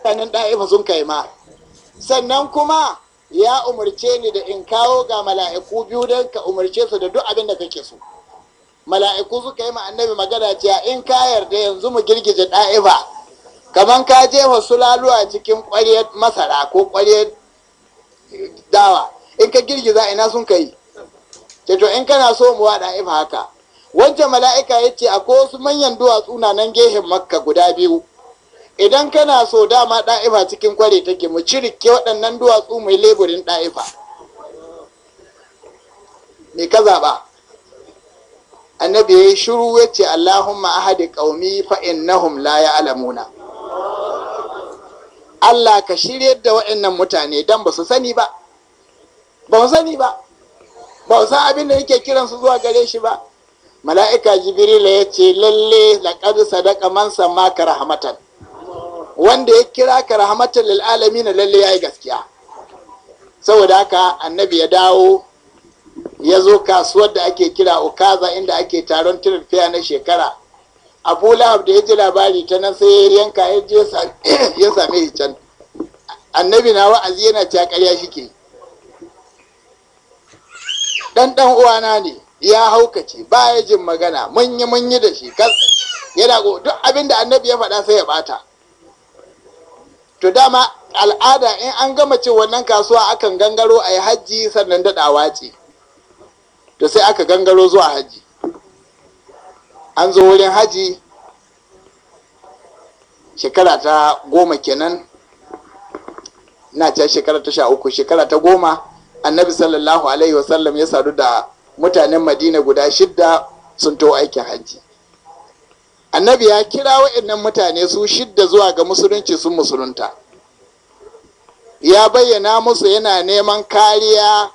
mutanen ɗa'ifa sun kai ma sannan kuma ya umarce ni da in kawo ga mala'iku biyu don ka umarce su da duk abin da kake so mala'iku suka yi ma annabi magana cewa in ka yarda yanzu mu girgije ɗa'ifa kamar ka jefa sulaluwa cikin ƙwaryar masara ko ƙwaryar dawa in ka girgiza ina sun kai to in kana so mu wa ɗa'ifa haka wancan mala'ika ya ce akwai wasu manyan duwatsu na nan gehen makka guda biyu idan kana so dama ɗa'ifa cikin kware take mu cirike waɗannan duwatsu mai leburin ɗa'ifa me ka zaɓa annabi ya yi shiru ya ce allahumma ahadi ƙaumi fa'in na la ya alamuna allah ka shirye da waɗannan mutane don ba su sani ba ba su sani ba ba su san abin da yake su zuwa gare shi ba mala'ika jibrila ya ce lalle laƙar sadaka man ka rahmatan wanda ya kira ka rahmatan lil'alami na lalle ya yi gaskiya saboda haka annabi ya dawo ya zo kasuwar da ake kira Okaza inda ake taron tirfiya na shekara abu lahab da ya ji labari ta nan sai ya yanka ya je ya same shi can annabi na wa'azi yana cewa ƙarya shike dan dan uwana ne ya haukace ba ya jin magana mun yi da shi yana duk abin da annabi ya faɗa sai ya bata to dama al'ada in an gama ce wannan kasuwa akan gangaro a yi hajji sannan daɗawa ce to sai aka gangaro zuwa hajji an zo wurin hajji shekara ta goma kenan na can shekara ta sha uku shekara ta goma annabi sallallahu alaihi wasallam ya sadu da mutanen madina guda shidda sun to aikin hajji annabi ya kira wa'annan mutane su shidda zuwa ga musulunci sun musulunta ya bayyana musu yana neman kariya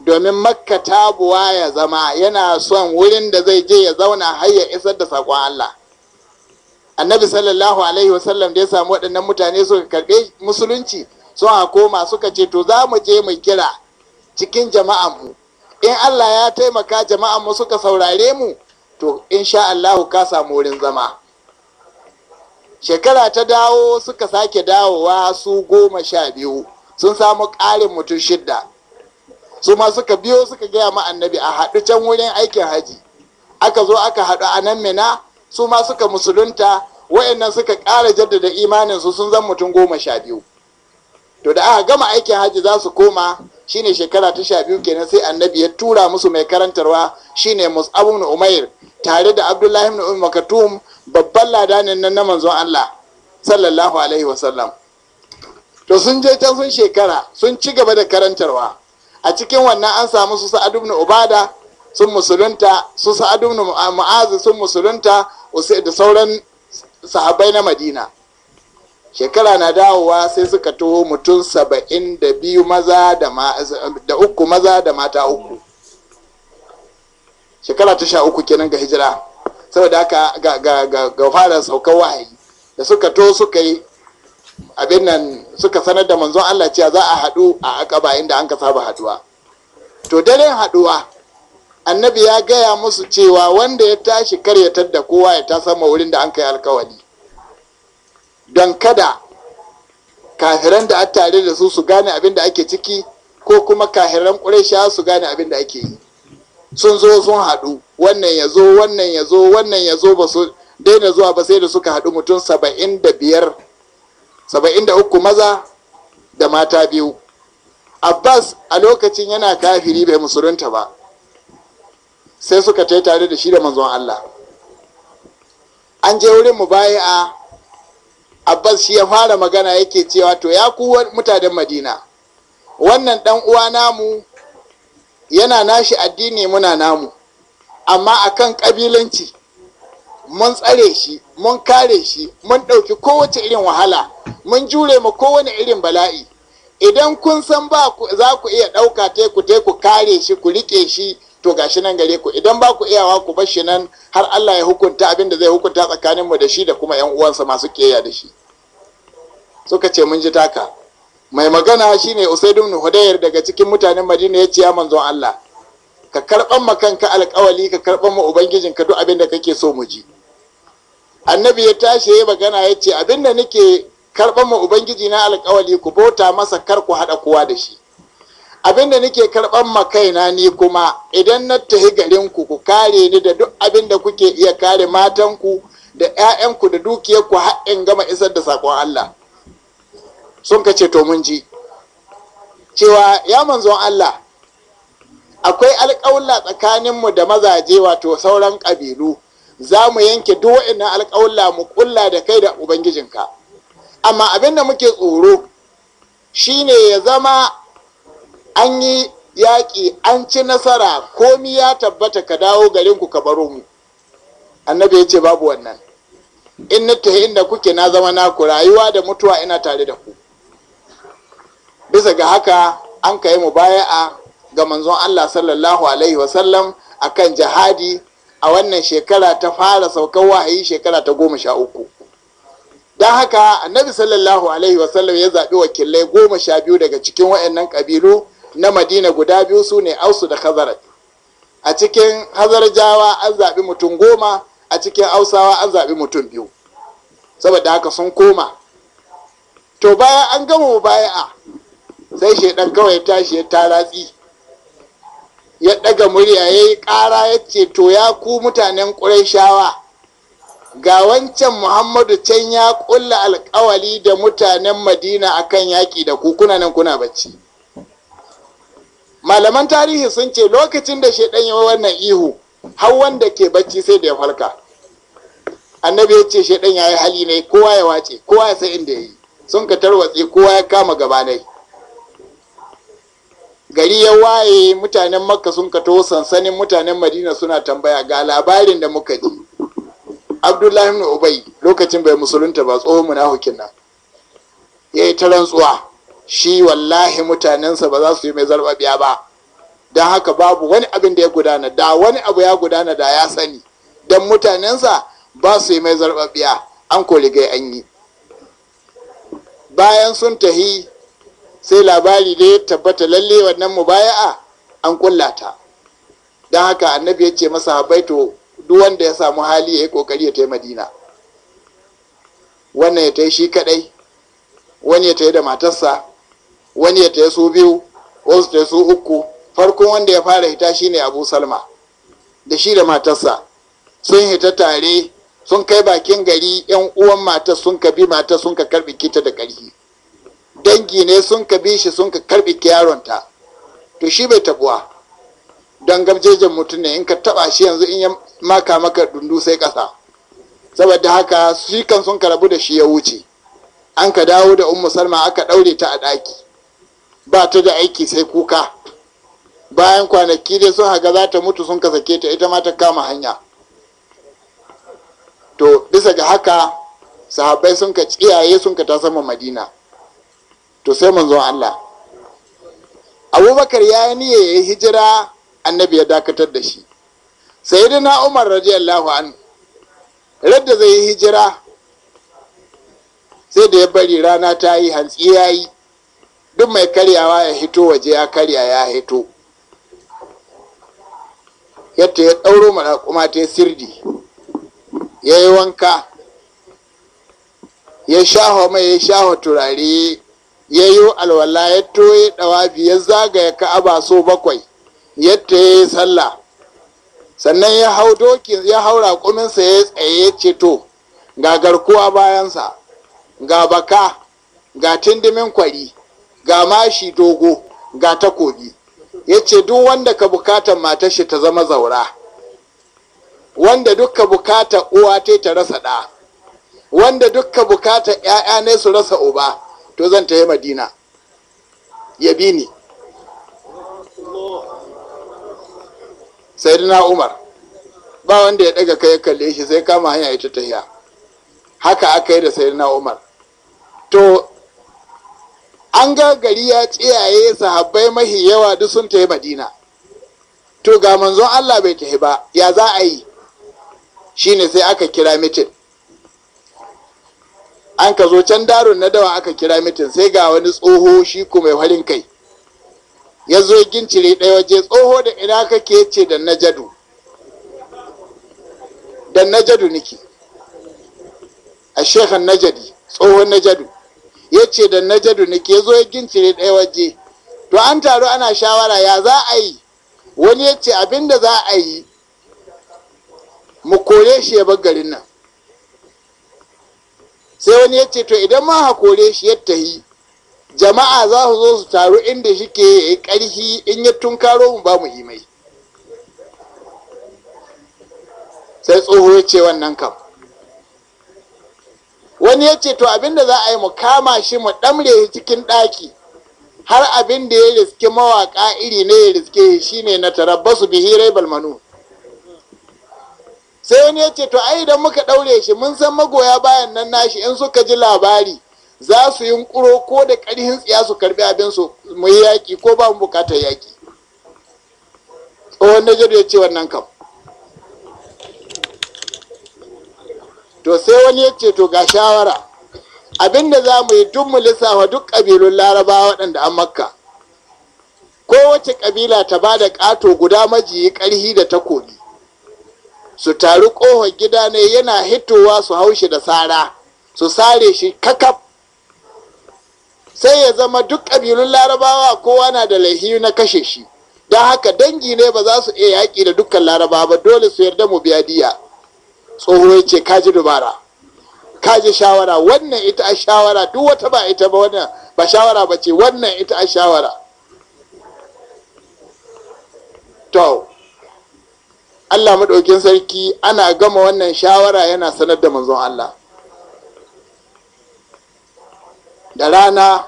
domin makka tabuwa ya zama yana son wurin da zai je ya zauna har ya isar da saƙon Allah annabi sallallahu alaihi wasallam da ya samu waɗannan mutane suka karɓe musulunci a koma suka ce to za mu je mu kira cikin jama'anmu in Allah ya taimaka jama'anmu suka saurare mu to in sha Allahu ka samu wurin zama shekara ta dawo suka sake dawowa su goma sha biyu sun samu ƙarin mutum shidda su ma suka biyo suka gaya ma annabi a haɗu can wurin aikin haji aka zo aka haɗu a nan mina su ma suka musulunta wa'annan suka ƙara jaddada imaninsu sun zan mutum goma sha biyu to da aka gama aikin hajji za su koma shine shekara ta sha biyu kenan sai annabi ya tura musu mai karantarwa shine mus'ab ibn umair tare da abdullahi ibn umar maktum babban ladanin nan na manzon Allah sallallahu alaihi sallam to sun je can sun shekara sun ci gaba da karantarwa a cikin wannan an samu su sa'ad ibn ubada sun musulunta su sa'ad ibn mu'az sun musulunta da sauran sahabbai na madina shekara na dawowa sai suka taho mutum saba'in da biyu maza da uku maza da mata uku shekara ta sha uku kenan ga hijira saboda haka ga fara saukar wahayi da suka to suka yi abin nan suka sanar da manzon Allah cewa za a haɗu a akaba inda an ka saba haɗuwa to daren haɗuwa annabi ya gaya musu cewa wanda ya tashi karyatar da kowa ya ta sama wurin da an kai alkawari don kada kafiran da a tare da su su gane abin da ake ciki ko kuma kahiran ƙuraisha su gane abin da ake yi sun zo sun haɗu wannan ya zo wannan ya zo wannan ya zo ba su daina zuwa ba sai da suka haɗu mutum saba'in da biyar saba'in da uku maza da mata biyu abbas a lokacin yana kafiri bai musulunta ba sai suka tai tare da shi da manzon allah an je wurin mu baya abbas shi ya fara magana yake cewa to ya kuwa mutanen madina wannan dan uwa namu yana nashi addini muna namu amma akan kabilanci mun tsare shi mun kare shi mun ɗauki kowace irin wahala mun jure mu kowane irin bala'i idan kun san ba za ku iya ɗauka teku ku ku kare shi ku riƙe shi to gashi nan gare ku idan ba ku iyawa ku bar shi nan har Allah ya hukunta abin da zai hukunta tsakanin mu da shi da kuma yan uwansa masu keya da shi suka ce mun ji taka mai magana shine Usaid ibn Hudayr daga cikin mutanen Madina ya ce ya manzon Allah ka karban kanka alƙawali ka karban mu ubangijin ka duk abin da kake so mu ji annabi ya tashi ya magana ya ce abin da nake karban mu ubangiji na alƙawali ku bota masa kar ku hada kowa da shi abin da nake ma kaina ni kuma idan na tahi garin ku ku kare ni da duk abin da kuke iya kare matanku da 'ya'yanku da dukiyarku haɗin gama isar da sakon Allah sun kace to mun ji cewa ya manzon Allah akwai alƙawla tsakaninmu da mazaje wato sauran ƙabilu za mu yanke duk waɗannan alƙawla mu ƙulla da kai da ubangijinka amma abin da muke tsoro shine ya zama an yi yaƙi an ci nasara komi ya tabbata ka dawo garinku ka baro mu annabi ya ce babu wannan in na inda kuke na zama naku rayuwa da mutuwa ina tare da ku bisa ga haka an ka yi a ga manzon allah sallallahu alaihi wasallam a kan jihadi a wannan shekara ta fara saukar wahayi shekara ta goma sha uku don haka annabi sallallahu alaihi wasallam ya zaɓi wakilai goma sha biyu daga cikin waɗannan ƙabilu na madina guda biyu su ne ausu da hazara a cikin hazarjawa an zaɓi mutum goma a cikin ausawa an zaɓi mutum biyu saboda haka sun koma to bayan an gama baya'a sai shaidan kawai tashi ya taratsi ya ɗaga murya ya yi ƙara ya ce to ya ku mutanen ƙurayshawa ga wancan muhammadu can ya ƙulla alƙawali da mutanen madina akan yaƙi da ku kuna nan kuna bacci malaman tarihi sun ce lokacin da shaidan ya wannan ihu har wanda ke bacci sai da ya farka. annabi ya ce shaidan ya yi hali ne kowa ya wace kowa ya sai inda ya yi sun ka tarwatse kowa ya kama gabanai gari ya waye mutanen makka sun ka to sansanin mutanen madina suna tambaya ga labarin da muka ji abdullahi ibn ubay lokacin bai musulunta ba tsohon munafikin nan ya yi ta rantsuwa shi wallahi mutanensa ba za su yi mai zarbabiya ba don haka babu wani abin da ya gudana da wani abu ya gudana da ya sani don mutanensa ba su yi mai zarbabiya an koligai an yi bayan sun tahi sai labari da ya tabbata lalle wannan mu a an kullata don haka annabi ya ce masa habaito duk wanda ya samu hali ya yi kokari ya ta madina wannan ya ta shi kadai wani ya ta da matarsa wani ya taya su biyu wasu taya su uku farkon wanda ya fara hita shine abu salma da shi da matarsa sun hita tare sun kai bakin gari yan uwan matar sun ka bi matar sun ka karbi kita da ƙarfi dangi ne sun ka bi shi sun ka karbi yaronta to shi bai tabuwa don gabjejen mutum ne in ka taba shi yanzu in ya maka maka dundu sai ƙasa saboda haka shi kan sun rabu da shi ya wuce an ka dawo da ummu salma aka ɗaure ta a ɗaki ba ta da aiki sai kuka bayan kwanaki dai sun haga za ta mutu sun sake ta ita ma ta kama hanya to bisa ga haka sahabai sun ka tsiyaye sun ka ta sama madina to sai manzon allah abubakar ya yi niyya ya hijira annabi ya dakatar da shi sayyidina umar radiyallahu an radda zai yi hijira sai da ya bari rana ta yi hantsi ya duk mai karyawa ya hito waje ya karya ya hito yadda ya ɗauro mana ta sirdi ya yi wanka ya shaho mai ya shaho turare ya yi alwala ya toye ɗawafi ya zagaya ka'aba so bakwai yadda ya yi sallah sannan ya hau dokin ya hau rakuminsa ya tsaye ya ceto ga garkuwa bayansa ga baka ga tindimin kwari ga mashi dogo ga takobi ya ce duk wanda ka bukatan matashi ta zama zaura wanda dukka bukata uwa ta ta rasa ɗa wanda dukka bukata ‘ya'ya ne su rasa uba to zan ta yi madina ya bi ni sai umar ba wanda ya ɗaga kai ya kalle shi sai kama hanya ya ta tahiya haka aka yi da sai umar to an ga gari ya tsiyaye sahabbai mahi yawa duk sun tafi madina to ga manzon allah bai tafi ba ya za a yi shine sai aka kira mitin an ka zo can darun na dawa aka kira mitin sai ga wani tsoho shi ko mai farin kai ya zo gincire ɗaya waje tsoho da ina kake ce da na jadu da najadu niki a shekhan najadi tsohon najadu ya ce da najadu ne ke zo ya gincire ɗaya waje to an taru ana shawara ya za a yi wani ya ce abin da za a yi mu kore shi ya garin nan sai wani ya ce to idan ma ha shi ya tahi jama'a za su zo su taru inda shi ke ƙarfi in ya tunkaro mu ba mu yi mai sai tsoho ya ce wannan kam wani ya ce to abin da za a yi mu kama shi mu ɗamre cikin ɗaki har abin da ya riske mawaƙa iri ne ya riske shi ne na tarabbasu rai balmanu sai wani ya ce to ai idan muka ɗaure shi mun san magoya bayan nan nashi in suka ji labari za su yi kuro ko da ƙarhin tsiya su karbi abin su mu yi yaƙi ko ba mu bukatar yaƙi tsohon najar ya ce wannan kam to sai wani ya ce to ga shawara abinda za mu yi tun mu lissafa duk ƙabilun larabawa waɗanda an makka kowace ƙabila ta ba da ƙato guda majiyi ƙarhi da takobi su taru ƙohon gida ne yana hitowa su haushi da sara su sare shi kakaf sai ya zama duk ƙabilun larabawa kowa na da laihi na kashe shi don haka dangi ne ba za su iya yaƙi da dukkan larabawa ba dole su yarda mu biya diya tsoho ya ce kaji dubara kaji shawara wannan ita a shawara duk wata ba ita ba wannan ba shawara ba ce wannan ita a shawara to Allah maɗaukin sarki ana gama wannan shawara yana sanar da manzon Allah da rana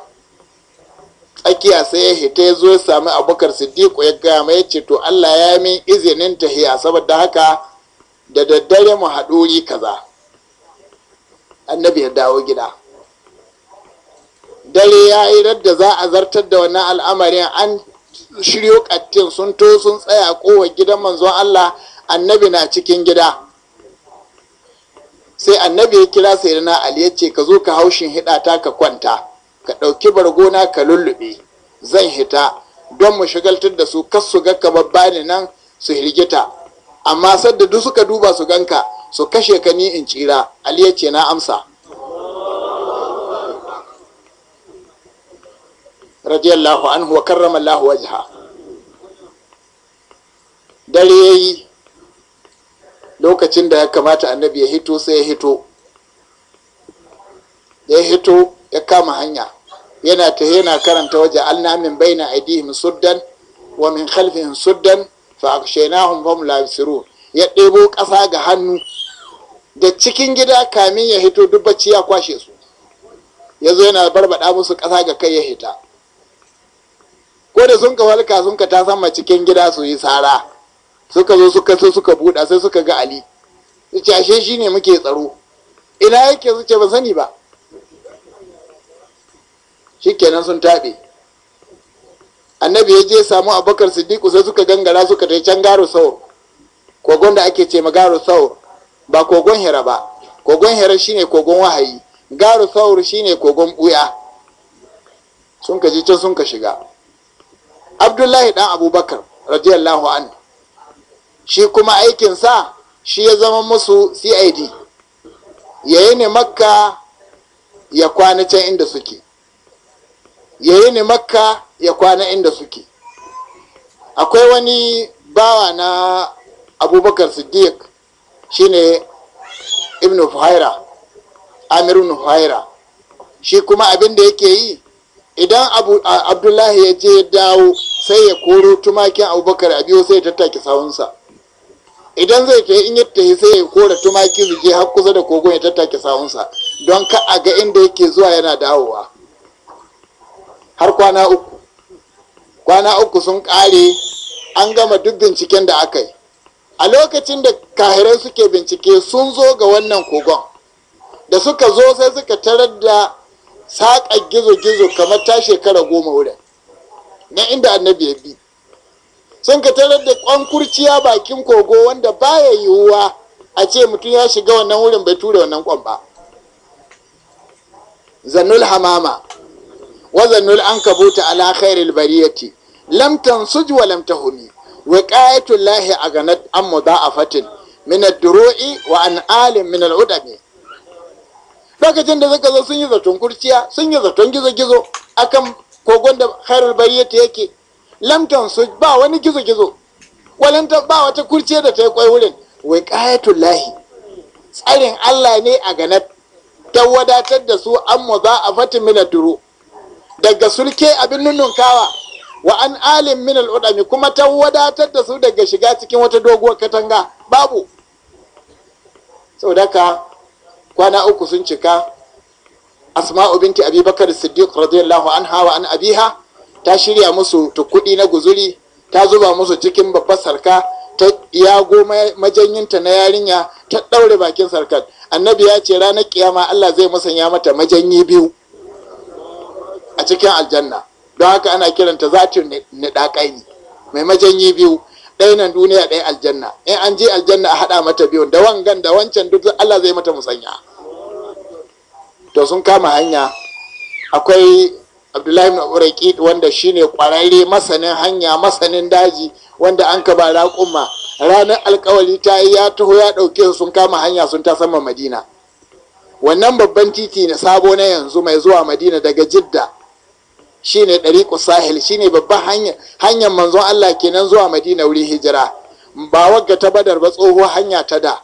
tsakiya sai ya hita ya zo ya sami abokar siddiq ya gaya mai ce to Allah ya min izinin tahiya saboda haka da daddare mu haɗuri kaza annabi ya dawo gida dare ya yi radda za a zartar da wannan al'amarin an shiryo kattin sun to sun tsaya kowa gidan manzon Allah annabi na cikin gida sai annabi ya kira sai na ali ya ce ka zo ka haushin hidata ka kwanta ka ɗauki bargona ka lullube zan hita don mu shigaltar da su kas su ga kamar bani nan su hirgita amma sadda duk suka duba su ganka su kashe ka ni in tsira ali ya ce na amsa radiyallahu anhu wa karrama Allah wajha dare yayi lokacin da ya kamata annabi ya hito sai ya hito ya hito ya kama hanya yana ta yana karanta waje alna min baina aidihim suddan wa min khalfihim suddan fa akshaynahum la yusirun ya ɗebo ƙasa ga hannu da cikin gida kamin ya hito duk bacci ya kwashe su ya yana barbaɗa musu kasa ga kai ya hita ko da sun ka walka sun ka ta sama cikin gida su yi sara suka zo suka so suka buɗa sai suka ga ali su ashe shi muke tsaro ina yake su ba sani ba shikenan sun taɓe annabi ya je samu abubakar siddiqu sai suka gangara suka je can garo saur kogon da ake ce ma garu saur ba kogon hira ba kogon hira shine kogon wahayi garu saur shine kogon buya sun ka je can sun ka shiga abdullahi dan abubakar radiyallahu an shi kuma aikinsa shi ya zama musu cid yayi ne makka ya kwana can inda suke yayi ne makka ya kwana inda suke akwai wani bawa na abubakar siddiq shine ibn fuhaira amir ibn fuhaira shi kuma abin da yake yi idan abdullahi ya je dawo sai ya koro tumakin abubakar a biyu sai ya tattaki sawunsa idan zai ta in ya sai ya kora tumakin su je har kusa da kogon ya tattake sawunsa don ka a ga inda yake zuwa yana dawowa har kwana uku kwana uku sun ƙare an gama duk binciken da aka yi a lokacin da kahirai suke bincike sun zo ga wannan kogon da suka zo sai suka tarar da saƙa gizo-gizo kamar ta shekara goma wurin na inda annabi ya bi sun ka tarar da kwankurciya bakin kogo wanda baya yiwuwa a ce mutum ya shiga wannan wurin bai tura wannan kwan ba zannul hamama wazannul ankabuta ala khairil bariyati lam tansuj wa lam tahumi wiqayatul lahi aganat am mudaafatin min ad-duru'i wa an alim min al-udami lokacin da suka zo sun yi zaton kurciya sun yi zaton gizo-gizo akan kogon da khairul bariyati yake lam tansuj ba wani gizo-gizo walanta ba wata kurciya da ta yi kwai wurin wiqayatul lahi tsarin Allah ne a ganat ta wadatar da su an mudaafatin min ad duru. daga sulke abin nunnunkawa wa an alim min al'udami kuma ta wadatar da su daga shiga cikin wata doguwar katanga babu saudaka kwana uku sun cika asma'u binti abubakar siddiq radiyallahu anha wa an abiha ta shirya musu tukudi na guzuri ta zuba musu cikin babbar sarka ta yago majanyinta na yarinya ta ɗaure bakin sarkar annabi ya ce ranar kiyama allah zai musanya mata majanyi biyu a cikin aljanna don haka ana kiranta zatin ne. mai majanyi biyu ɗaya nan duniya ɗaya aljanna in an je aljanna a haɗa mata biyu. da wangan da wancan duk Allah zai mata musanya to sun kama hanya akwai abdullahi ibn uraqi wanda shine kwararre masanin hanya masanin daji wanda an ka ba ranar alkawari ta yi ya taho ya ɗauke sun kama hanya sun ta sama madina wannan babban titi na sabo na yanzu mai zuwa madina daga jidda shine dariqu sahil shine babban hanyar hanyar manzon Allah kenan zuwa Madina wuri hijira ba wagga ta badar ba tsoho hanya ta da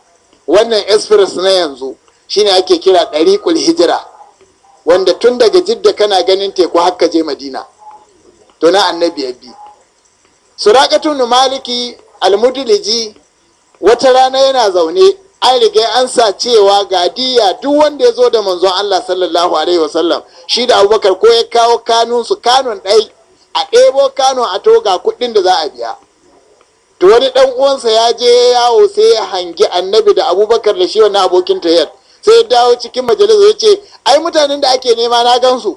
wannan express na yanzu shine ake kira dariqul hijira wanda tun daga jidda kana ganin teku haka je Madina to na annabi abi suraqatu maliki almudliji wata rana yana zaune an riga an sa cewa ga duk wanda ya zo da manzon Allah sallallahu alaihi wasallam shi da abubakar ko ya kawo kanun su kanun ɗai a ɗebo Kano a toga kuɗin da za a biya to wani ɗan uwansa ya je yawo sai ya hangi annabi da abubakar da shi wannan abokin tayar sai ya dawo cikin majalisa ya ce ai mutanen da ake nema na gansu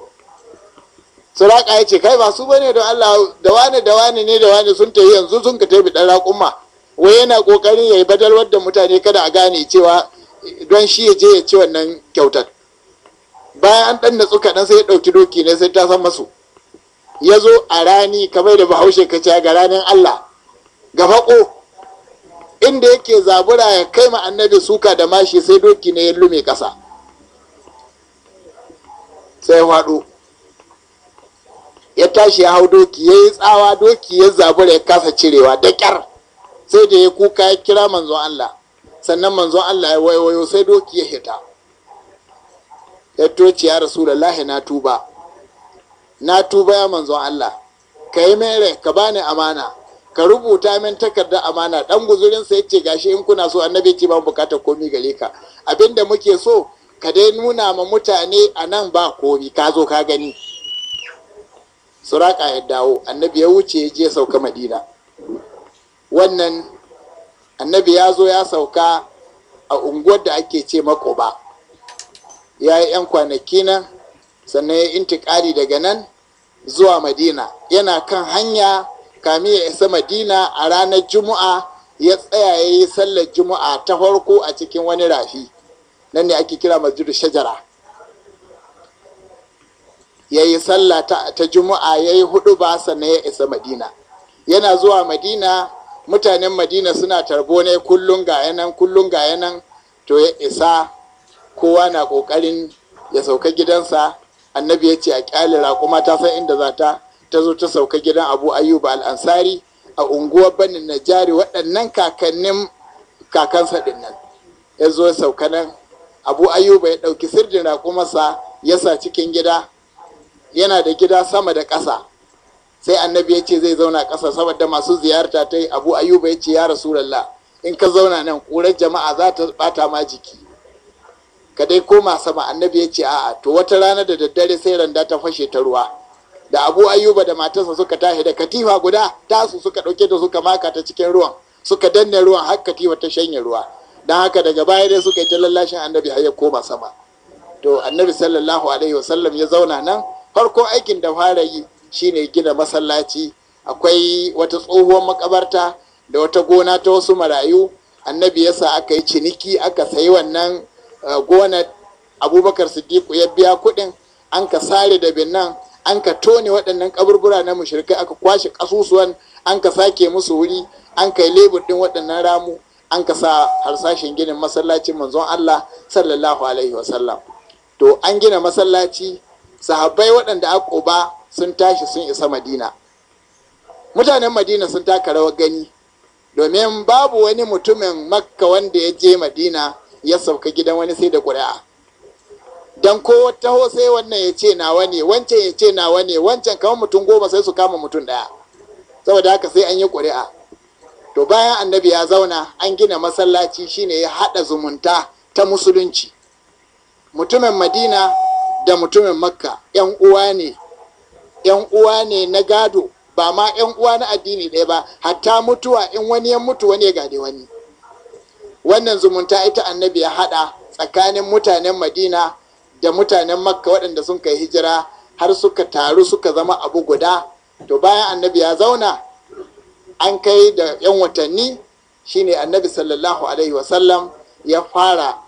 suraka ya ce kai ba su bane don Allah da wani da wani ne da wani sun tafi yanzu sun ka tafi ɗan raƙumma wai yana kokarin ya yi badalwar da mutane kada a gane cewa don shi ya je ya ci wannan kyautar bayan an ɗan natsu kaɗan sai ya ɗauki doki ne sai ta san masu ya zo a rani kamar da bahaushe ka ce ga ranin allah ga faƙo inda yake zabura ya kai ma annabi suka da mashi sai doki ne ya lume ƙasa sai ya faɗo ya tashi ya hau doki ya yi tsawa doki ya zabura ya kasa cirewa da ƙyar sai da ya kuka ya kira manzon Allah sannan manzon Allah ya wayo sai doki ya hita ya toci ya 'Lahi na tuba na tuba ya manzon Allah ka yi mere ka bani amana ka rubuta min takardar amana dan guzurinsa ya ce gashi in kuna so annabi ce ba bukatar komi gare ka abinda muke so ka dai nuna ma mutane a nan ba komi ka zo ka gani suraka ya dawo annabi ya wuce ya je sauka madina wannan annabi ya zo ya sauka a unguwar da ake ce makoba ya yi 'yan kwanaki nan sannan ya intikari daga nan zuwa madina yana kan hanya kami ya isa madina a ranar juma'a ya tsaya ya yi sallar juma'a ta farko a cikin wani rafi nan ne ake kira Masjid shajara ya yi sallah ta juma'a ya yi hudu ba sannan ya isa madina yana zuwa madina mutanen madina suna tarbo ne kullum ga yanan kullum ga yanan to ya isa kowa na kokarin ya sauka gidansa annabi ya ce a kyale raƙuma ta san inda za ta ta zo ta sauka gidan abu ayyuba al'ansari a unguwar banin jari waɗannan kakannin kakansa ɗin nan ya zo sauka nan abu ayyuba ya ɗauki sirdin raƙumarsa ya sa cikin gida yana da gida sama da ƙasa sai annabi ya ce zai zauna ƙasa saboda masu ziyarta ta yi abu ayuba ya ce ya rasulallah in ka zauna nan ƙurar jama'a za ta bata ma jiki ka dai koma sama annabi ya ce a'a to wata rana da daddare sai randa ta fashe ta ruwa da abu ayuba da matarsa suka tashi da katifa guda tasu suka ɗauke ta suka maka ta cikin ruwan suka danne ruwan har katifa ta shanye ruwa don haka daga baya dai suka yi ta lallashin annabi har ya koma sama to annabi sallallahu alaihi wasallam ya zauna nan farko aikin da fara yi shine gina masallaci akwai wata tsohuwar makabarta da wata gona ta wasu marayu annabi yasa aka yi ciniki aka sayi wannan eh, gonar abubakar siddiqu ya biya kuɗin an ka sare da binnan an ka tone waɗannan kaburbura na mushrikai aka kwashe kasusuwan an ka sake musu wuri an kai lebur ɗin waɗannan ramu an ka sa harsashin ginin masallacin manzon Allah sallallahu alaihi wasallam to an gina masallaci sahabbai waɗanda aka ba sun tashi sun isa madina mutanen madina sun taka rawar gani domin babu wani mutumin makka wanda ya je madina ya sauka gidan wani sai da ƙuri'a don ko taho sai wannan ya ce nawa ne wancan ya ce nawa ne wancan kamar mutum goma sai su kama mutum ɗaya saboda haka sai an yi ƙuri'a to bayan annabi ya zauna an gina masallaci shine ya haɗa zumunta ta musulunci mutumin madina da mutumin makka yan uwa ne 'yan uwa ne na gado ba ma 'yan uwa na addini ɗaya ba hatta mutuwa in wani ya mutu wani ya gade wani wannan zumunta ita annabi ya haɗa tsakanin mutanen madina da mutanen makka waɗanda sun kai hijira har suka taru suka zama abu guda to bayan annabi ya zauna an kai da 'yan watanni shine annabi sallallahu alaihi wasallam ya fara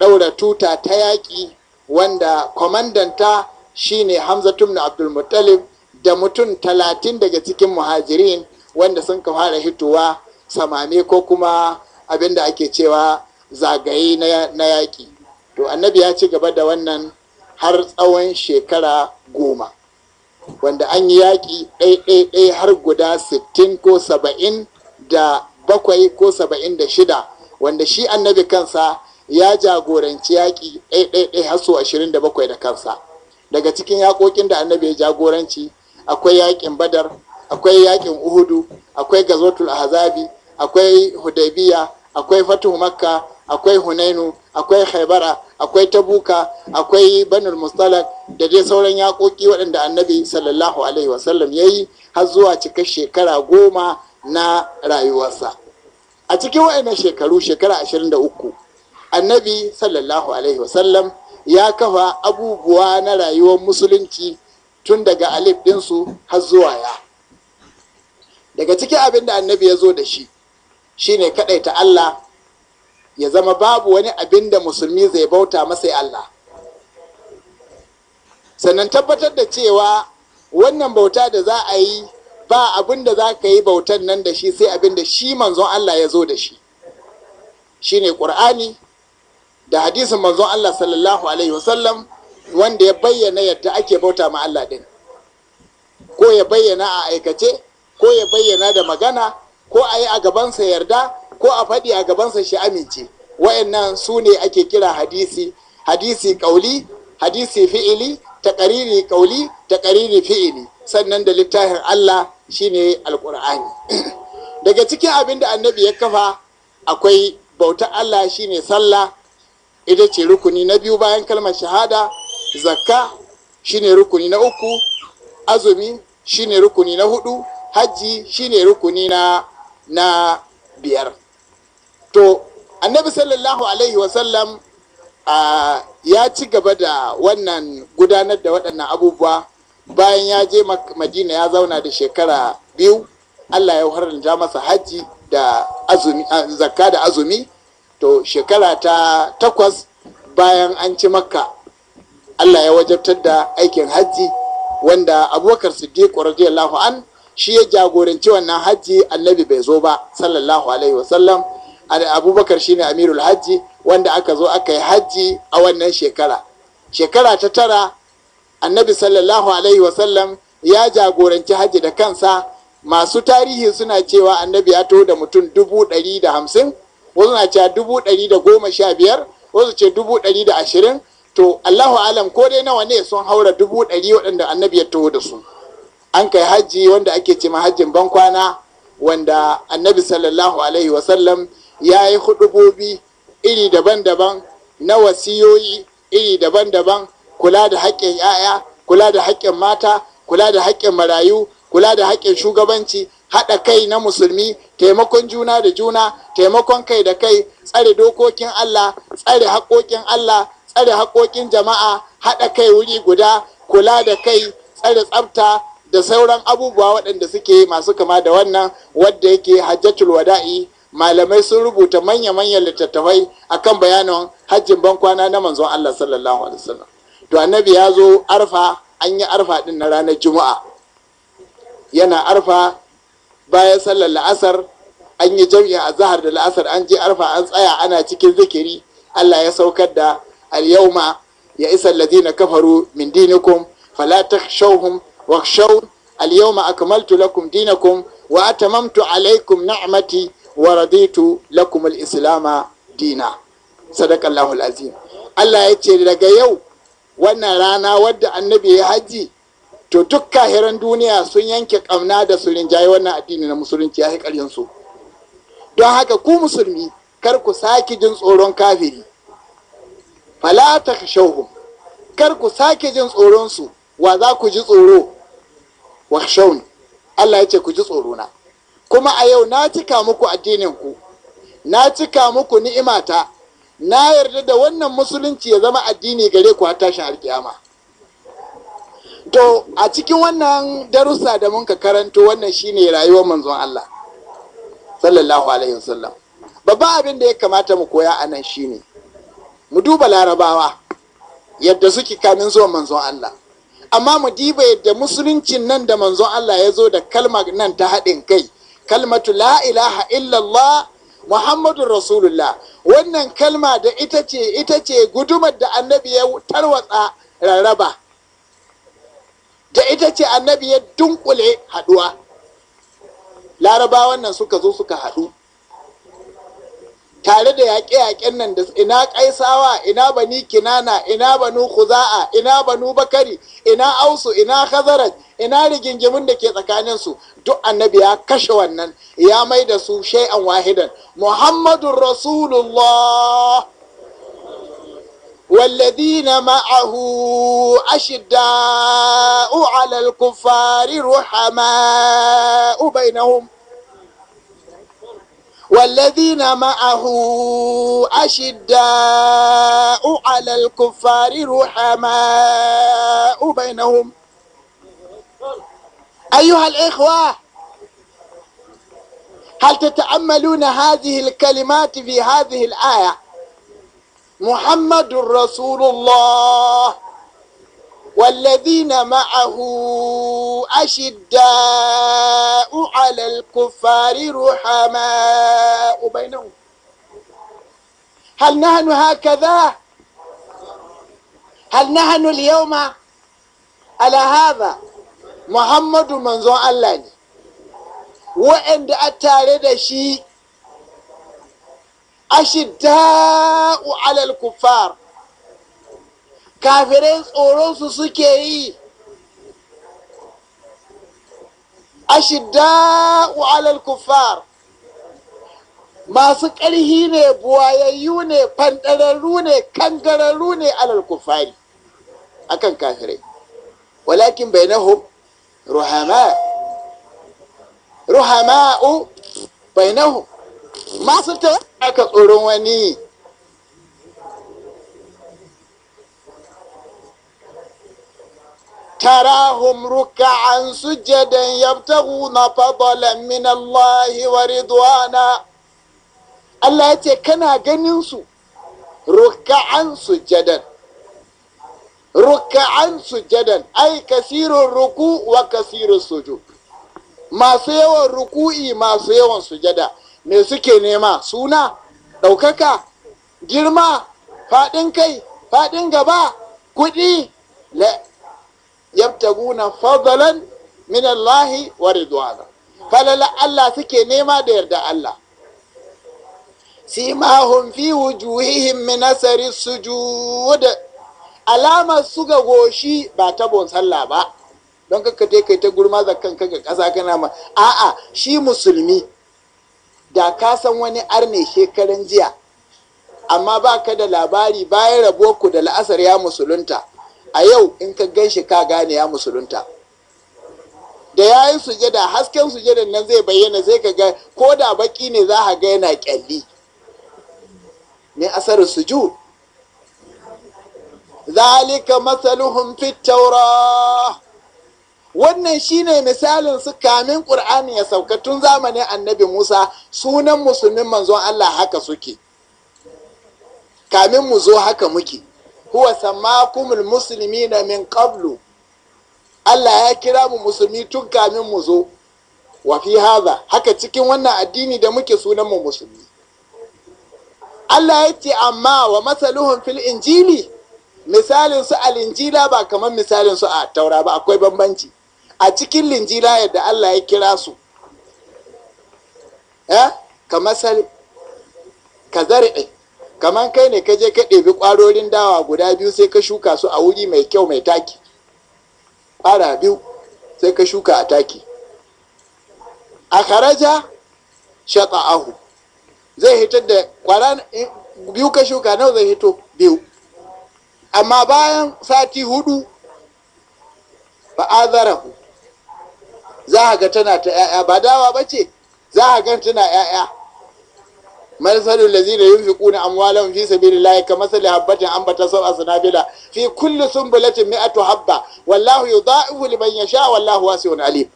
ɗaura tuta ta yaƙi wanda kwamandanta shine hamzatu ibn abdul muttalib da mutum talatin daga cikin muhajirin wanda sun ka fara hitowa samame ko kuma abin da ake cewa zagaye na yaƙi to annabi ya ci gaba da wannan har tsawon shekara goma wanda an yi yaƙi ɗai-ɗai-ɗai har guda sittin ko saba'in da bakwai ko saba'in da shida wanda shi annabi kansa ya jagoranci yaƙi ɗai ɗai har so ashirin da bakwai da kansa daga cikin yaƙoƙin da annabi ya jagoranci akwai yaƙin badar akwai yaƙin uhudu akwai gazotul ahzabi akwai hudaybiya akwai fatuhu makka akwai hunainu akwai khaybara akwai tabuka akwai banul mustalak da dai sauran yaƙoƙi waɗanda annabi sallallahu alaihi wasallam ya yi har zuwa cika shekara goma na rayuwarsa a cikin waɗannan shekaru shekara 23 annabi sallallahu alaihi wasallam ya kafa abubuwa na rayuwar musulunci tun daga alif su har zuwa ya daga cikin abin da annabi ya zo da shi kaɗai ta Allah ya zama babu wani abin da musulmi zai bauta masai Allah sannan tabbatar da cewa wannan bauta da za a yi ba abin da za ka yi bautan nan da shi sai abin da shi manzon Allah ya zo da shi shine ƙur'ani da hadisin manzon Allah sallallahu alaihi wasallam wanda ya bayyana yadda ake bauta ma Allah din ko ya bayyana a aikace ko ya bayyana da magana ko a yi a gabansa yarda ko a faɗi a gabansa shi amince wa'annan su ne ake kira hadisi hadisi ƙauli hadisi fi'ili taƙariri ƙauli taƙariri fi'ili sannan da littafin Allah shine alƙur'ani daga cikin abin da annabi ya kafa akwai bauta Allah shine sallah ita ce rukuni na biyu bayan kalmar shahada zakka shine rukuni na uku azumi shine rukuni na hudu hajji shine rukuni na na biyar to annabi sallallahu alaihi wasallam sallam ya ci gaba da wannan gudanar da waɗannan abubuwa bayan ya je madina ya zauna da shekara biyu allah ya haranta masa hajji da azumi zakka da azumi to shekara ta takwas bayan an ci makka allah ya wajabtar da aikin hajji wanda abubakar siddiq radiyallahu an shi ya jagoranci wannan hajji annabi bai zo ba sallallahu alaihi wasallam abubakar shine amirul hajji wanda aka zo aka yi hajji a wannan shekara shekara ta tara annabi sallallahu alaihi wasallam ya jagoranci hajji da kansa masu tarihi suna cewa annabi ya taho da mutum dubu ɗari da hamsin wasu na cewa dubu ɗari da goma sha biyar wasu ce dubu ɗari da ashirin to allahu alam ko dai nawa ne sun haura dubu ɗari waɗanda annabi ya taho da su an kai hajji wanda ake ce ma hajjin bankwana wanda annabi sallallahu alaihi wasallam ya yi huɗubobi iri daban-daban na wasiyoyi iri daban-daban kula da haƙƙin 'ya'ya kula da haƙƙin mata kula da haƙƙin marayu kula da haƙƙin shugabanci haɗa kai na musulmi taimakon juna da juna taimakon kai da kai tsare dokokin allah tsare haƙoƙin allah tsare haƙoƙin jama'a haɗa kai wuri guda kula da kai tsare tsafta da sauran abubuwa waɗanda suke masu kama da wannan wadda yake hajjatul wada'i malamai sun rubuta manya-manyan littattafai a kan bayanin hajjin bankwana na manzon Allah sallallahu alaihi wasallam to annabi ya zo arfa an yi arfa ɗin na ranar juma'a yana arfa bayan sallar la'asar an yi jam'i a zahar da la'asar an je arfa an tsaya ana cikin zikiri Allah ya saukar da al-yawma ya isa alladhina kafaru min dinikum fala wa khshaw al-yawma akmaltu lakum dinakum wa atamamtu alaykum ni'mati wa raditu lakum al-islama dina sadaqallahu al-azim Allah ya ce daga yau wannan rana wadda annabi ya haji to duk kahiran duniya sun yanke kamna da su rinjaye wannan addini na musulunci ya ƙaryan su don haka ku musulmi kar ku sake jin tsoron kafiri fala ta kar ku sake jin tsoronsu su wa za ku ji tsoro wa Allah ya ce ku ji tsoro na kuma a yau na cika muku addinin ku na cika muku ni'imata na yarda da wannan musulunci ya zama addini gare ku har tashin alkiyama To a cikin wannan darussa da mun ka karanto wannan shine rayuwar manzon Allah sallallahu alaihi wasallam. Babban abin da ya kamata mu koya a nan shine mu duba larabawa yadda suke kamin zuwa manzon Allah. Amma mu diba yadda musuluncin nan da manzon Allah ya zo da kalma nan ta haɗin kai, kalmatu la ilaha illallah Muhammadu Rasulullah. Wannan kalma da ita ce ita gudumar da annabi ya tarwatsa rarraba. ta ita ce annabi ya dunkule haduwa laraba wannan suka zo suka haɗu tare da yaƙe-yaƙen nan da ina ƙaisawa ina bani kinana ina banu khuza'a ina banu bakari ina ausu ina khazaraj ina rigingimin da ke tsakanin su duk annabi ya kashe wannan ya mai da su shay'an wahidan muhammadun rasulullah والذين معه أشداء على الكفار رحماء بينهم والذين معه أشداء على الكفار رحماء بينهم أيها الإخوة هل تتأملون هذه الكلمات في هذه الآية محمد رسول الله والذين معه أشداء على الكفار رحماء بينهم هل نحن هكذا؟ هل نحن اليوم على هذا؟ محمد منزون الله وإن أتارد شيء ashidda'u alal kuffar kafirai tsoronsu suke yi ashidda'u alal kuffar masu ƙarhi ne buwayayyu ne fandararru ne kangararru ne alal kufari akan kafirai walakin bai na ruhama ruhama'u bai na masu ta aka tsoron wani tarahun ruka an sujadan yabtahu na fadala min Allah wa ridwana Allah ya ce kana ganin su ruka an sujadan ruka an sujadan ai kasirun ruku wa kasirun sujud masu yawan ruku'i masu yawan sujada me suke nema suna ɗaukaka girma faɗin kai faɗin gaba kuɗi la yabtaguna fadlan min Allah wa ridwana falala Allah suke nema da yarda Allah simahum fi wujuhihim min asari sujud alamar su ga goshi ba tabon sallah ba don kakkate kai ta gurma zakkan kanka ƙasa kana ma a'a shi musulmi da ka san wani arne shekaran jiya amma ba ka da labari bayan rabo ku da la'asar ya musulunta a yau in ka gan shi ka gane ya musulunta da ya yi sujada hasken sujadan nan zai bayyana zai ka ga ko da baki ne za a ga yana kyalli ne asarin ju. zalika masaluhum fit wannan shine misalin su kamin ƙur'ani ya sauka tun zamanin annabi musa sunan musulmin manzon allah haka suke kamin mu zo haka muke huwa sammakumul musulmi na min qablu allah ya kira mu musulmi tun kamin mu zo wa fi haza haka cikin wannan addini da muke sunan mu musulmi allah ya ce amma wa masaluhun fil injili misalin su al'injila ba kamar misalin su a taura ba akwai bambanci a cikin linjila yadda Allah ya kira su eh kamar sal ka zar'i kamar kai ne ka je ka ɗebi ƙwarorin dawa guda biyu sai ka shuka su a wuri mai kyau mai taki ƙwara biyu sai ka shuka a taki a karaja ahu zai hitar da ƙwara biyu ka shuka nawa zai hito biyu amma bayan sati hudu ku. za a ga tana ta ‘ya'ya ba dawa ba ce za a gan tana ‘ya'ya masalul lazina yunfiquna amwalahum fi sabilillahi kamathali habatin ambata sab'a sanabila fi kulli sunbulatin mi'atu habba wallahu yudha'ifu liman yasha wallahu wasi'un alim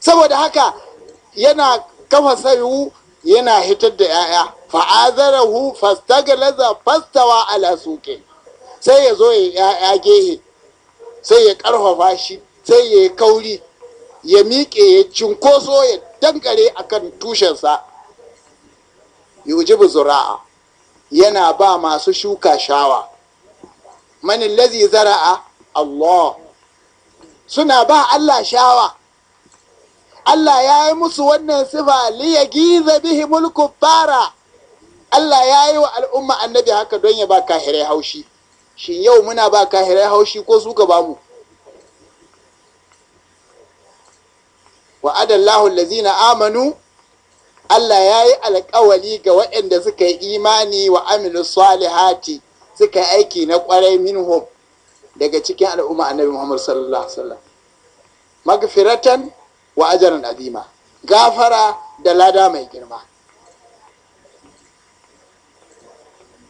saboda haka yana kafa sayu yana hitar da ‘ya'ya fa'azarahu laza fastawa ala suke sai ya zo ya ‘ya'ya gehe sai ya karfafa shi sai ya kauri ya miƙe ya cinkoso ya a kan tushensa yujibu zura'a yana ba masu shuka shawa manin lazi zara'a Allah suna ba Allah shawa Allah ya yi musu wannan sifa liya giza bihi mulku fara Allah ya yi wa al'umma annabi haka don ya ba kahirai haushi shin yau muna ba kahirai haushi ko suka ba mu wa'adallahu allazina amanu Allah ya yi alkawali ga waɗanda suka yi imani wa amilu salihati suka aiki na ƙwarai minhum daga cikin al'umma annabi Muhammad sallallahu alaihi wasallam magfiratan wa ajran azima gafara da lada mai girma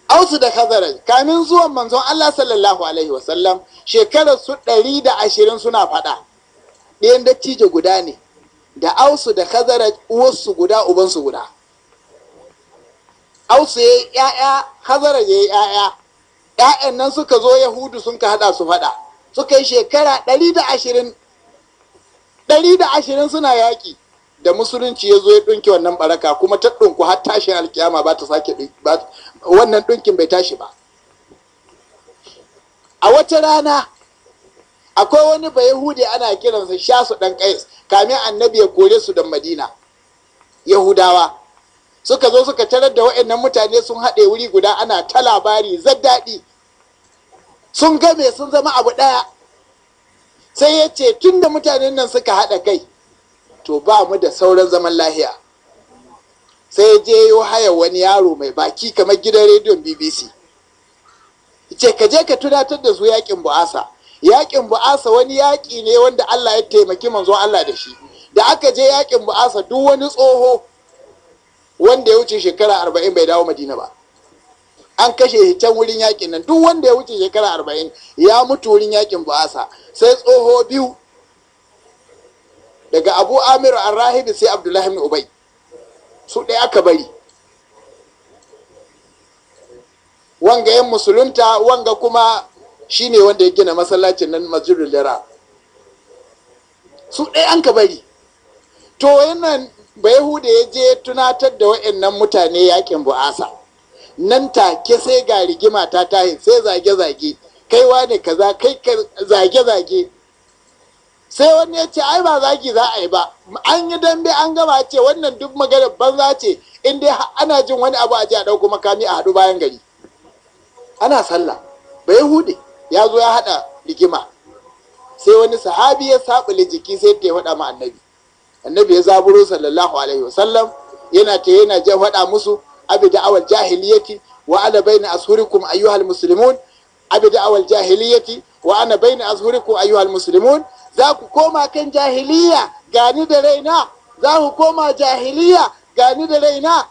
ausu da khazaraj kamin zuwan manzon Allah sallallahu alaihi wasallam shekarar su 120 suna fada ɗayan dattijo guda ne da ausu da kazara uwarsu guda ubansu guda ausu ya yi ya'ya hazara ya yi ya'ya ya'yan nan suka zo yahudu sun ka hada su fada suka yi shekara ɗari da ashirin ɗari da ashirin suna yaƙi da musulunci ya zo ya ɗunki wannan baraka kuma ta ɗunku har tashin alkiyama ba ta sake wannan ɗunkin bai tashi ba a wata rana akwai wani ba yahudi ana kiransa shasu ɗan ƙais kamin annabi ya kore su da madina yahudawa suka zo suka tarar da waɗannan mutane sun haɗe wuri guda ana ta labari zaddaɗi sun game sun zama abu ɗaya sai ya ce tun da mutanen nan suka haɗa kai to ba mu da sauran zaman lahiya sai ya je yi haya wani yaro mai baki kamar gidan rediyon bbc ce ka je ka tunatar da su yakin bu'asa yakin bu'asa wani yaki ne wanda Allah ya taimaki manzo Allah da shi da aka je yakin bu'asa duk wani tsoho wanda ya wuce shekara arba'in bai dawo madina ba an kashe shi can wurin yakin nan duk wanda ya wuce shekara arba'in ya mutu wurin yakin bu'asa sai tsoho biyu daga abu amiru arrahibi sai abdullahi ibn ubai su ɗaya aka bari wanga yan musulunta wanga kuma Shi ne wanda ya gina masallacin nan masjidul dara su ɗaya an ka bari to wannan bayahuda ya je tunatar da wa'annan mutane yakin bu'asa nan take sai ga rigima ta tahi sai zage-zage Kai ne kaza kai zage-zage sai wani ya ce ai ba zagi za a yi ba an yi dambe an gama ce wannan duk maganar banza ce in dai ana jin wani abu a ji a ɗauko makami a haɗu bayan gari ana sallah bai hude ya zo ya haɗa rigima sai wani sahabi ya saɓule jiki sai ta faɗa ma annabi annabi ya zaburo sallallahu alaihi wasallam yana ta yana jan faɗa musu abi da'awal jahiliyati wa ana baina ashurikum ayyuhal muslimun abi da'awal jahiliyati wa ana baina ashurikum ayyuhal muslimun za ku koma kan jahiliya gani da raina za ku koma jahiliya gani da raina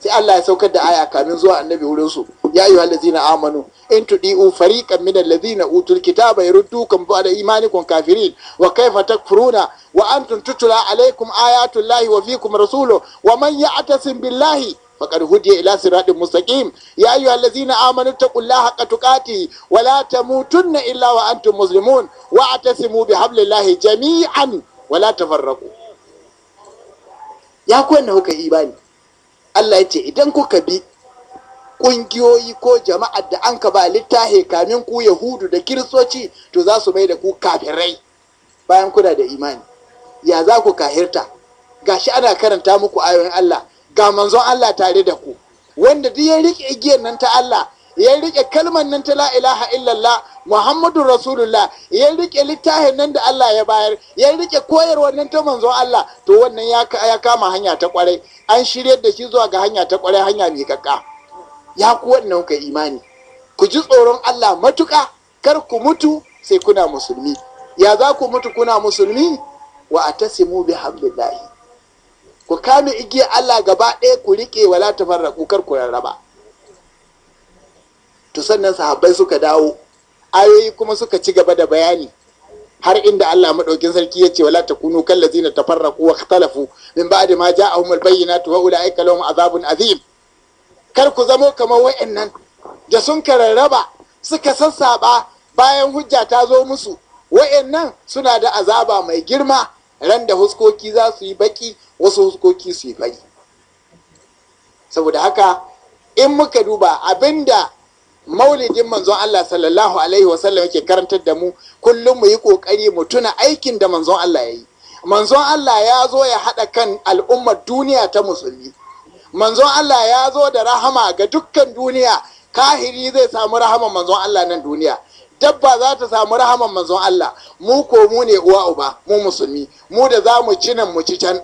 sai Allah ya saukar da aya kamin zuwa annabi wurin su ya ayyuhal ladzina amanu intudi'u fariqan min alladhina utul kitaba yaruddukum ba'da imanikum kafirin wa kayfa takfuruna wa antum tutla alaykum ayatu llahi wa fikum rasulu wa man ya'tasim billahi faqad hudiya ila siratin mustaqim ya ayyuha alladhina amanu taqullaha haqqa tuqatih wa la tamutunna illa wa antum musulmun wa atasimu bihablillahi jami'an wa la tafarraqu ya kuwa na kuka ibani Allah ya ce idan kuka bi ƙungiyoyi ko jama'ar da an ka ba littafi kamin ku yahudu da kiristoci to za su mai da ku kafirai bayan kuna da imani ya za ku kahirta gashi ana karanta muku ayoyin Allah ga manzon Allah tare da ku wanda duk ya rike igiyar nan ta Allah ya rike kalmar nan ta la ilaha illallah muhammadu rasulullah ya rike littafin nan da Allah ya bayar ya rike koyarwar nan ta manzon Allah to wannan ya kama hanya ta kwarai an shirye da shi zuwa ga hanya ta kwarai hanya mai kakka ya ku wannan ka imani ku ji tsoron Allah matuka kar ku mutu sai kuna musulmi ya za ku mutu kuna musulmi wa atasimu bi hablillahi ku kame igiya Allah gaba ɗaya ku rike wala tafarraqu kar ku rarraba to sannan sahabbai suka dawo ayoyi kuma suka ci gaba da bayani har inda Allah madaukin sarki ya ce wala takunu kallazina tafarraqu wa ikhtalafu min ba'di ma ja'ahumul bayyinatu wa ulaika lahum azabun azim kar ku zamo kamar wa'annan da sun kararraba suka sassaba bayan hujja ta zo musu wa'annan suna da azaba mai girma ran da huskoki za su yi baki wasu huskoki su yi fari saboda haka in muka duba abinda maulidin manzon Allah sallallahu alaihi wasallam yake karantar da mu kullum mu yi kokari mu tuna aikin da manzon Allah ya yi manzon Allah ya zo ya haɗa kan al'ummar duniya ta musulmi manzon Allah ya zo da rahama ga dukkan duniya kahiri zai samu rahaman manzon Allah nan duniya dabba za ta samu rahaman manzon Allah mu ko mu ne uwa uba mu musulmi mu da za mu ci nan mu ci can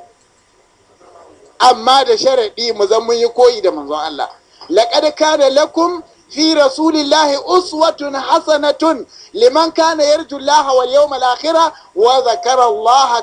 amma da sharaɗi mu zan mun yi koyi da manzon Allah laqad kana lakum fi rasulillahi uswatun hasanatun liman kana yarju Allah wal yawmal akhirah wa zakara Allah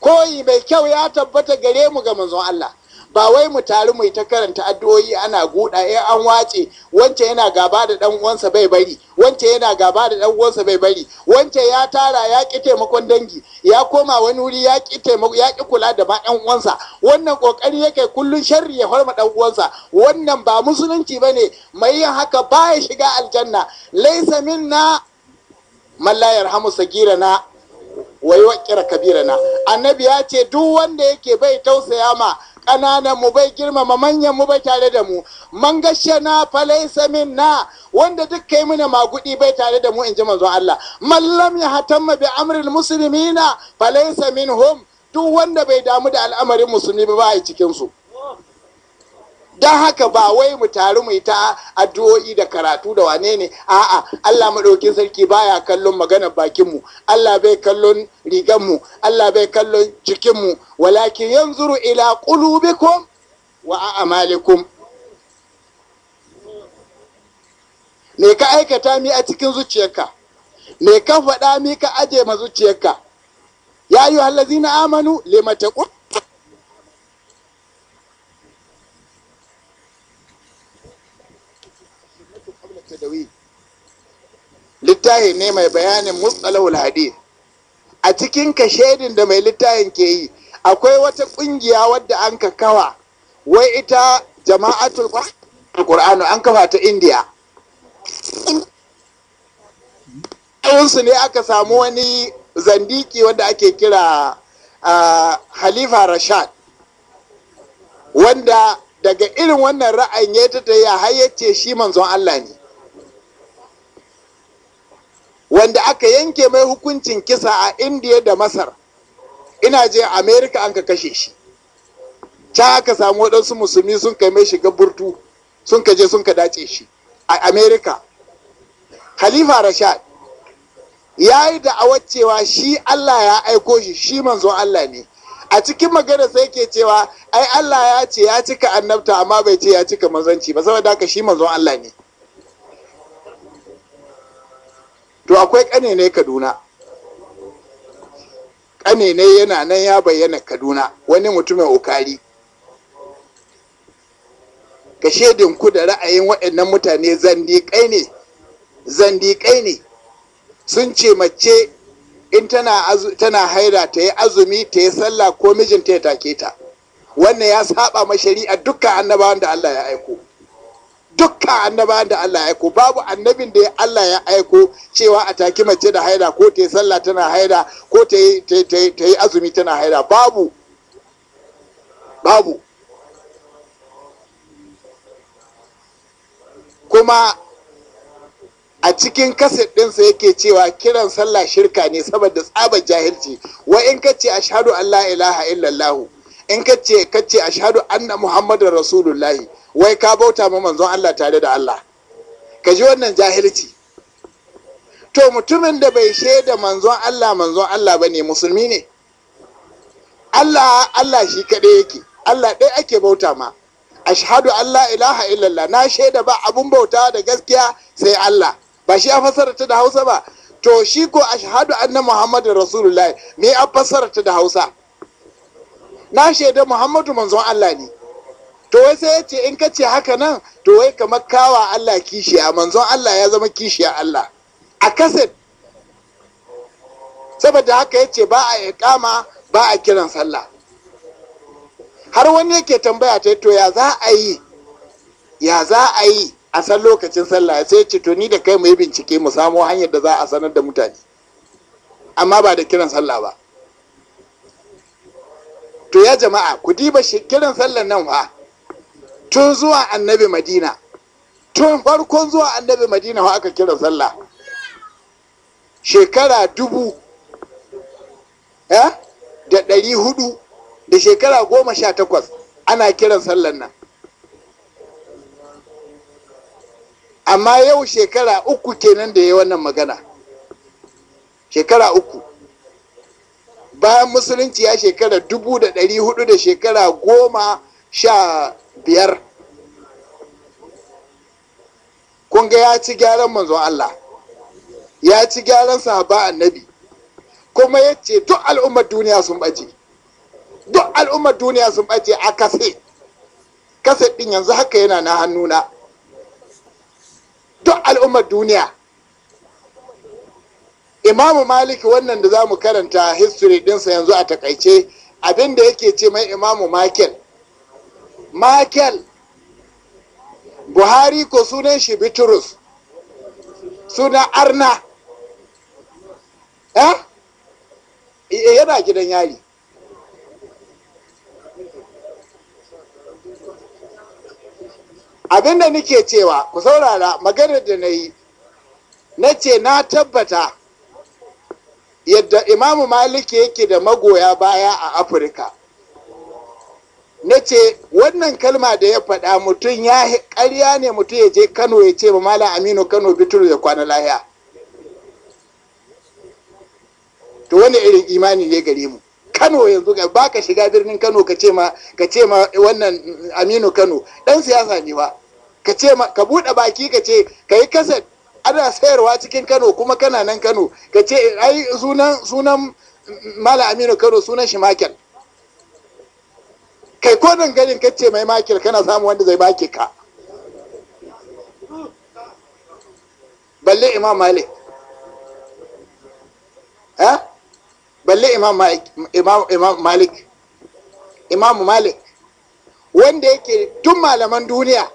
koyi mai kyau ya tabbata gare mu ga manzon Allah ba wai mu taru mu ta karanta addu'o'i ana guda eh an wace wance yana gaba da dan uwansa bai bari wance yana gaba da dan uwansa bai bari wance ya tara ya ki taimakon dangi ya koma wani wuri ya ki taimako ya ki kula da ba dan uwansa wannan kokari yake kullun sharri ya horma dan uwansa wannan ba musulunci bane mai yin haka ba ya shiga aljanna laysa minna man la yarhamu sagirana Wai wa Kabira na? annabi ya ce duk wanda yake bai tausaya ma ƙananan mu bai girmama manyan mu bai tare da mu man gashe na falaisa min na wanda duk kai mana magudi bai tare da mu in ji manzon Allah mallam ya hatamma bi amril muslimina falaisa minhum duk wanda bai damu da al'amarin musulmi ba ba a cikin su don haka ba wai mu taru mu ta addu'o'i da karatu da wane ne a'a Allah madaukin sarki baya kallon maganar bakin mu Allah bai kallon rigan mu Allah bai kallon cikin mu walakin yanzuru ila qulubikum wa a'malikum me ka aikata mi a cikin zuciyarka me ka faɗa mi ka aje ma zuciyarka ya na amanu lima taqul littahi ne mai bayanin mustalahul hadith a cikin kashedin da mai littahin ke yi akwai wata kungiya wadda an ka kawa wai ita jama'atul qur'anu an kafa ta indiya su ne aka samu wani zandiki wanda ake kira halifa rashad wanda daga irin wannan ra'ayin ya ta ya hayyace shi manzon Allah ne wanda aka yanke mai hukuncin kisa a indiya da masar ina je america an ka kashe shi can aka samu waɗansu musulmi sun kai mai shiga burtu sun ka je sun ka dace shi a america khalifa rashad ya yi da'awar cewa shi allah ya aiko shi shi manzo allah ne a cikin magana sai ke cewa ai allah ya ce ya cika annabta amma bai ce ya cika manzanci ba saboda haka shi manzon allah ne to akwai kane kaduna kane yana nan ya bayyana kaduna wani mutumin okari ka ku da ra'ayin waɗannan mutane zandiƙai ne zandiƙai ne sun ce mace in tana, tana haira ta yi azumi ta yi sallah ko mijinta ya take ta wannan ya saba ma shari'a dukkan annabawan da allah ya aiko Dukka annabawan da Allah ya aiko babu annabin da Allah ya aiko cewa a taki mace da haida ko ta yi sallah tana haida ko ta yi azumi tana haida babu babu kuma a cikin kaset ɗinsa yake cewa kiran sallah shirka ne saboda tsabar jahilci wa in ka ce ashhadu an la ilaha illallahu in ka ce ka ce ashhadu anna muhammadar rasulullahi wai ka bauta ma manzon Allah tare da Allah ka ji wannan jahilci to mutumin da bai shaida manzon Allah manzon Allah bane musulmi ne Allah Allah shi kaɗai yake Allah ɗaya ake bauta ma ashhadu Allah ilaha illallah na shaida ba abun bauta da gaskiya sai Allah ba shi a fasara ta da Hausa ba to shi ko ashhadu anna Muhammadu Rasulullahi me a fasara da Hausa na shaida Muhammadu manzon Allah ne to wai sai ce in ka ce haka nan to wai kamar kawa Allah a manzon Allah ya zama kishiya Allah a kaset saboda haka ya ce ba a ikama ba a kiran sallah har wani yake tambaya ta to ya za a yi ya za a yi a san lokacin sallah sai ce to ni da kai mu bincike mu samo hanyar da za a sanar da mutane amma ba da kiran sallah ba to ya jama'a ku diba kiran sallah nan fa tun zuwa annabi madina tun farkon zuwa annabi madina wa aka kira sallah shekara dubu eh, da ɗari hudu da shekara goma sha takwas ana kiran sallan nan amma yau shekara uku kenan da ya yi wannan magana shekara uku bayan musulunci ya shekara dubu da ɗari hudu da shekara goma sha biyar kun ga ya ci gyaran manzon Allah ya ci gyaran sahaba annabi kuma ya ce duk al'ummar duniya sun ɓace duk al'ummar duniya sun ɓace a kase kase ɗin yanzu haka yana na hannuna duk al'ummar duniya imamu malik wannan da za mu karanta history ɗinsa yanzu a takaice abinda yake ce mai imamu makil Michael Buhari ko sunan shi Bitrus suna Arna eh, eh, eh yana gidan yari abinda nake cewa ku saurara maganar da na yi na ce na tabbata yadda imamu maliki yake da magoya baya a afirka na ce wannan kalma da ya faɗa mutum ya ƙarya ne mutum ya je kano ya ce malam aminu kano bitur da kwana lahiya to wani irin imani ne gare mu kano yanzu ba ka shiga birnin kano ka ce ma wannan aminu kano dan siyasa ne ba ka ce ma ka buɗe baki ka ce ka yi kasar ana sayarwa cikin kano kuma kana nan kano ka ce ai sunan sunan malam aminu kano sunan shi makel kai ko garin kace mai makil kana samu wanda zai baki ka balle imam malik ha balle imam malik imam imam malik imam malik wanda yake tun malaman duniya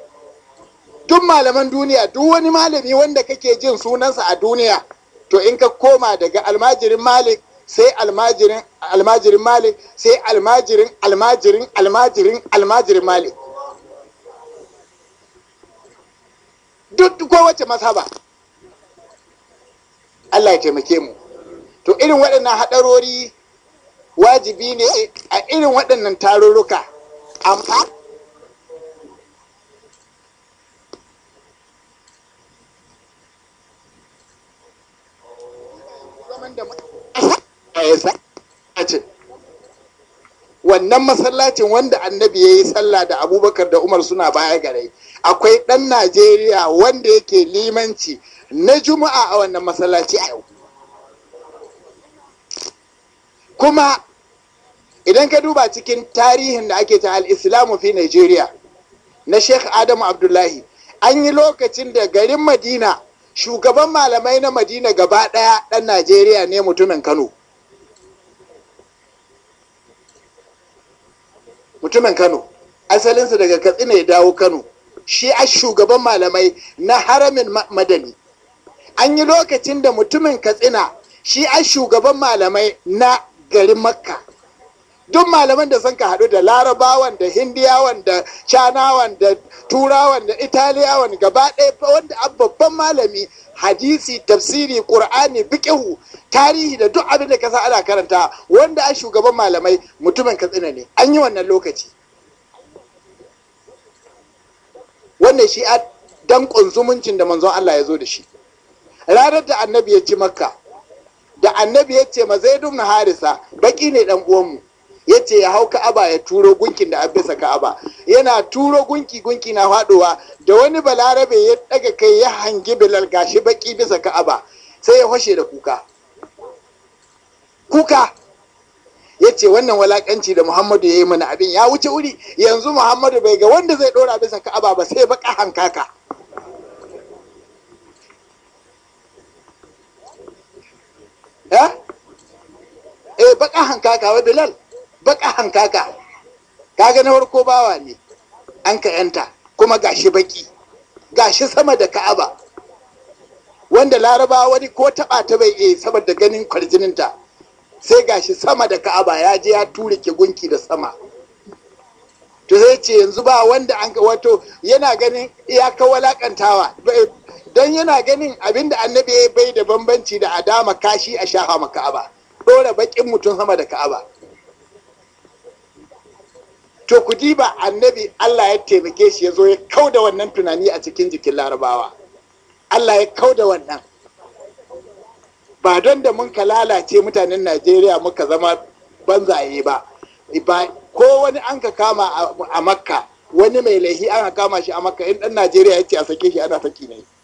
tun malaman duniya duk wani malami wanda kake jin sunansa a duniya to in ka koma daga almajirin malik sai almajirin almajirin mali sai almajirin almajirin almajirin almajirin mali. duk kowace mazhaba Allah ya taimake mu to irin waɗannan haɗarori wajibi ne a irin waɗannan tarurruka amma a wannan masallacin wanda annabi ya yi sallah da abubakar da umar suna baya gare akwai ɗan najeriya wanda yake limanci na juma'a a wannan masallaci a yau kuma idan ka duba cikin tarihin da ake ta al'islamu fi najeriya na sheikh adamu abdullahi an yi lokacin da garin madina shugaban malamai na madina gaba ɗaya ɗan najeriya ne mutumin kano mutumin kano asalinsa daga katsina ya dawo kano shi a shugaban malamai na haramin madani an yi lokacin da mutumin katsina shi a shugaban malamai na garin makka duk malaman da sun ka haɗu da larabawan da hindiyawan da Canawan, da turawan da italiyawan gaba ɗaya wanda a babban malami hadisi tafsiri ƙur'ani bikihu tarihi da duk abin da ka ana karanta wanda a shugaban malamai mutumin katsina ne an yi wannan lokaci wannan shi a danƙon zumuncin da manzon Allah ya zo da shi ranar da annabi ya ci makka da annabi ya ce ma zai harisa baki ne dan uwanmu ya ce ya hau ka'aba ya turo gunkin da an bisa ka'aba yana turo gunki gunki na faduwa da wani balarabe ya daga kai ya hangi bilal gashi baki bisa ka'aba sai ya hoshe da kuka kuka ya ce wannan walakanci da muhammadu ya yi mana abin ya wuce wuri yanzu muhammadu bai ga wanda zai dora bisa ka'aba ba sai baka hankaka eh, eh baka hankaka wa bilal baka hankaka kaga na farko bawa ne an ka yanta kuma gashi baki gashi sama da ka'aba wanda laraba wani ko taba ta bai iya saboda ganin kwarjininta sai gashi sama da ka'aba ya je ya ture ke gunki da sama to zai ce yanzu ba wanda an wato yana ganin iyaka walakantawa don yana ganin abinda annabi ya bai da bambanci da adama kashi a shaha ka'aba Dora bakin mutum sama da ka'aba to ku ba annabi Allah ya taimake shi ya zo ya kau da wannan tunani a cikin jikin larabawa Allah ya kau da wannan ba don da mun ka lalace mutanen najeriya muka zama banzaye ba ko wani an ka kama a makka wani mai laihi an ka kama shi a makka in dan najeriya ya ce a sake shi ana saki ne